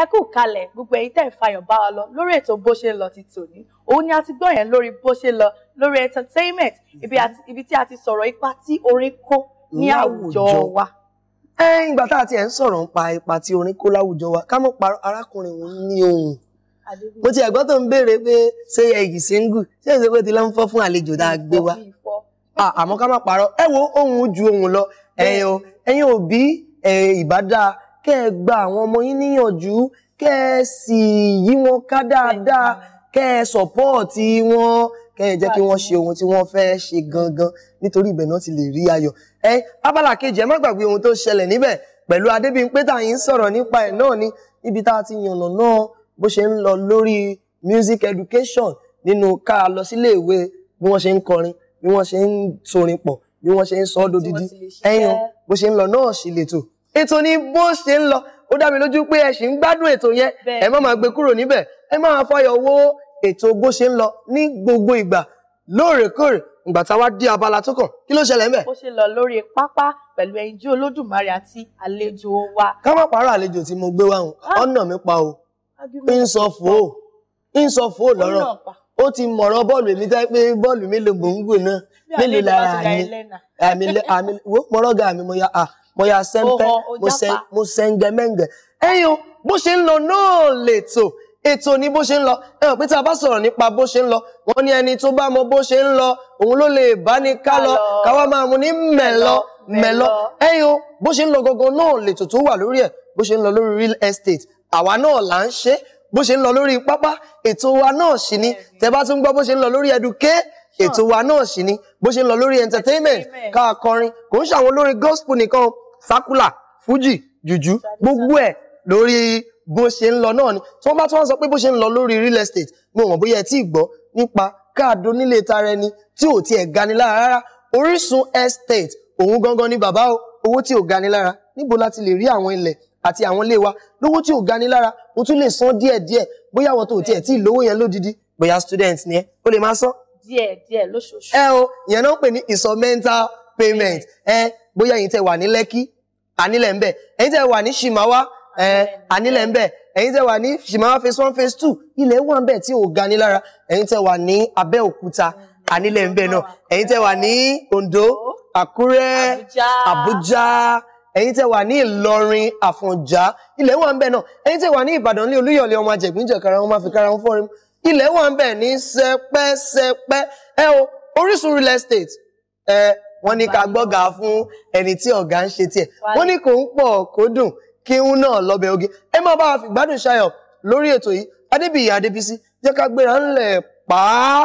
ẹ kú kalẹ̀ gbogbo ẹ̀yin tẹ́ ẹ̀ fayọ̀ bá wa lọ lórí ètò bó ṣe lọ ti tòní òun ni a ti gbọ́ yẹn lórí bó ṣe lọ lórí entertainment ibi tí a ti sọ̀rọ̀ ipa tí orin kó ní àwùjọ wa. ẹ ìgbà tá a ti ẹ̀ ń sọ̀rọ̀ nípa ipa tí orin kó láwùjọ wa ká mọ̀ pa arákùnrin òun ní ohun mo ti ẹ̀gbọ́n tó ń béèrè pé ṣé ẹ̀yìn síngù ṣé èsì pé ti lọ́ ń fọ́ fún àlejò tá a gbé wa ah, àmọ́ ká má parọ́ ẹ wo ohun ju ohun lọ ẹ̀yin òbí ìbádá kẹ́ ẹ gba àwọn ọmọ yín níyànjú kẹ́ ẹ sì yí wọn ká dáadáa kẹ́ ẹ sọ̀pọ́ọ̀tì wọn kẹ́ ẹ jẹ́ kí wọ́n ṣe ohun tí wọ́n fẹ́ ṣe gangan nítorí ibẹ̀ náà ti lè rí ayọ̀ ẹ abala kejì ẹ má gbàgbé ohun tó ṣẹlẹ̀ níbẹ̀ pẹ̀lú Adébímpé tá yín sọ̀rọ̀ nípa ẹ̀ náà ni níbi tá a ti yànnà náà bó ṣe ń lọ lórí music education nínú ká lọ sílé ìwé bí wọ́n ṣe ń kọrin bí wọ́n ṣe ń sorin pọ̀ bí wọ́n ṣe ń sọ ọ́ dodidi ẹ̀yàn bó ṣe ń lọ náà ṣì lè tò ètò ni bó ṣe ń lọ ó dá mi lójú pé ẹ ṣì ń gbádùn ètò yẹn ẹ má máa gbé kúrò níbẹ̀ ẹ má máa fọyọ̀ wo ètò bó ṣe ń lọ ní gbogbo ìgbà lóòrèkóòrè ìgbà tá a wá dé abala tó kàn kí ló ṣẹlẹ̀ ń bẹ̀. ó ṣe lọ lórí pápá pẹ̀lú ẹyinjú olódùmarè àti àlejò wa. ká má pààrọ̀ àlejò tí mo gbé wá hùn ah. ọ̀nà mi pa o ń sọ fò ó ń sọ fò ó lọ́rọ̀ ó ti mọ̀rọ̀ bọ́ọ̀lù èmi tẹ́ pé bọ́ọ̀lù mi lè gbòǹgbò náà mélòó lára mi àmì mọ̀rọ̀ ga mi mo ya ah. mo ya sẹ́ńpẹ́ mo sẹ́ńgẹ́mẹ́ńgẹ́ ẹ̀yin o bó ṣe ń lọ náà lètò ètò ní bó ṣe ń lọ ẹ hàn pé tá a bá sọ̀rọ̀ nípa bó ṣe ń lọ wọ́n ní ẹni tó bá mọ bó ṣe ń lọ òun ló lè bá ní ká lọ káwá máa mu ní mẹ̀lọ mẹ̀lọ ẹ̀yin o bó ṣe ń lọ gangan náà lètò tó wà lórí ẹ̀ bó ṣe ń lọ lórí real estate àwa náà là ń ṣe bó ṣe ń lọ lórí pápá ètò wa náà sì ni tẹ bá tún gbọ́ bó ṣe ń lọ lórí educate ètò wa náà sì ni bó ṣe ń lọ lórí entertainment ká kò ń ṣàwọn olórin gospel nìkan sákúlà fújì jùjú gbogbo ẹ̀ lórí bó ṣe ń lọ náà ni tí wọ́n bá tún wá sọ pé bó ṣe ń lọ lórí real estate mi ò mọ̀ bóyá ẹ tí ì gbọ́ nípa káàdó nílé tara ẹni tí ò tiẹ̀ gani lára rárá Orísun estate òun gangan ni bàbá o owó tí ò gani lára níbo láti lè rí àwọn ilẹ̀ àti àwọn ilé wa lówó tí ò gani lára o tún lè san díẹ̀díẹ̀ bóyá àwọn tó ò tiẹ̀ tí ì lówó yẹn lódidi bóyá student ni ẹ o lè máa san díẹ̀ díẹ̀ lóṣooṣù. ẹ o ìyẹn náà ń pè ní ìsọmẹ́ntà payment ẹ bóyá yìí tẹ wà ní lẹ́kí ànílẹ̀ ń bẹ̀ ẹ̀yin tẹ́ wà ní Shimawa ànílẹ̀ ń bẹ̀ ẹ̀yin tẹ́ wà ní Shimawa phase one phase two ilẹ̀ wà ń bẹ̀ tí ò ga ní lára ẹ̀yin tẹ́ wà ní Abẹ́òkúta ànílẹ̀ ń bẹ̀ náà ẹ̀yin tẹ́ wà ní Ondo Àkúrẹ́ Àbújá ẹ̀yin tẹ́ wà ní Ìlọrin Àfọ̀njá ilẹ̀ wà ń bẹ̀ náà ẹ̀yin tẹ́ wà ní Ìbàdàn ní Olúyọ̀lé ọmọ àjẹgbìnjẹ̀kára real estate wọ́n ní ká gbọ́gà fún ẹni tí ọ̀gá ń ṣe tiẹ̀ wọ́n ní kò ń pọ̀ kó dùn kí ń náà lọ́bẹ̀ oge ẹ máa bá wa fi gbádùn ṣayọ̀ lórí ètò yìí adébíyì adébísí jẹ́ ká gbéra ńlẹ̀ pàá.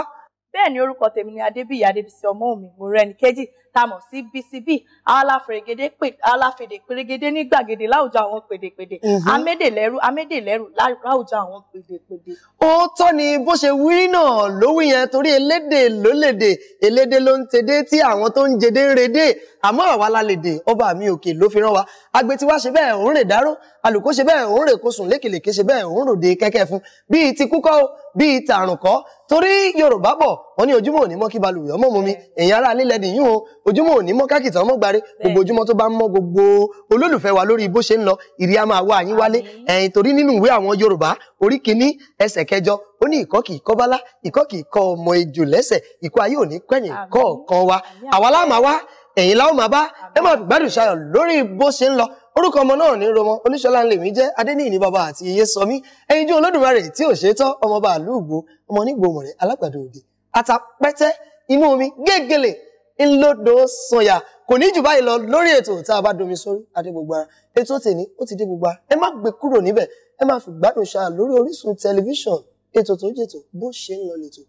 bẹ́ẹ̀ ni orúkọ tèmi ni adébíyì adébísí ọmọ mi mo rẹ́ni kejì tá a mọ̀ sí bcb aláfèrègede pè aláfèdè pèrègede ní gbàgede láwùjọ àwọn pèdèpèdè mhm. amédèlẹ́rú amédèlẹ́rú láwùjọ àwọn pèdèpèdè. ó tọ́ ni bó ṣe wí náà lówí yẹn torí elédè lólèdè elédè ló ń tedé tí àwọn tó ń jedé ń redé àmọ́ àwa lálẹ́dè ọba mi òkè ló fi rán wa agbetí wa ṣe bẹ́ẹ̀ òun rè dáró alùkó ṣe bẹ́ẹ̀ òun rè kosùn lékèlékè ṣe bẹ́ẹ̀ òun ròde kẹ́kẹ́ fún bíi ti kúkọ́ bíi tàrùn kọ́ torí Yorùbá bọ̀ wọ́n ní ojúmọ́ òní mọ́ kí balùwẹ̀ ọmọ mọ́ mi ẹ̀yin ará alẹ́ lẹ́dí yìí o ojúmọ́ òní mọ́ kákìtà ọmọ gbáre gbogbo ojúmọ́ tó bá ń mọ́ gbogbo olólùfẹ́ wa lórí bó ṣe ń lọ ìrì á máa wá yín wálé ẹ̀yìn torí nínú ìwé àwọn Yorùbá orí kìíní ẹsẹ̀ kẹjọ ó ní ìkọ́ kì í kọ́ bálá ìkọ́ kì í kọ́ ọmọ ejò lẹ́sẹ̀ ìkọ́ ayé òní kẹ́yìn kọ̀ọ̀kan wa àwa láàmà wá ẹ̀yin láwọn máa bá ẹ máa gbádùn ṣayọ̀ lórí bó ṣe ń lọ orúkọ ọmọ náà ní romọ oníṣọlá ń lè mí jẹ adéníyì ní bàbá àti iye sọmí ẹyin jẹ olódùmarè tí ò ṣe tọ ọmọ bàálù ògbó ọmọ onígbòmọrẹ alágbàdo òde àtàpẹ́tẹ́ inú omi gégele ńlọdọ sọyà kò ní jù báyìí lọ lórí ètò tá a bá domi sórí adé gbogbo ara ètò tèmi ó ti dé gbogbo ara ẹ má gbé kúrò níbẹ̀ ẹ má fi gbádùn ṣáà lórí Orísun tẹlifíṣàn ètò tó jètò bó ṣe ń lọ lètò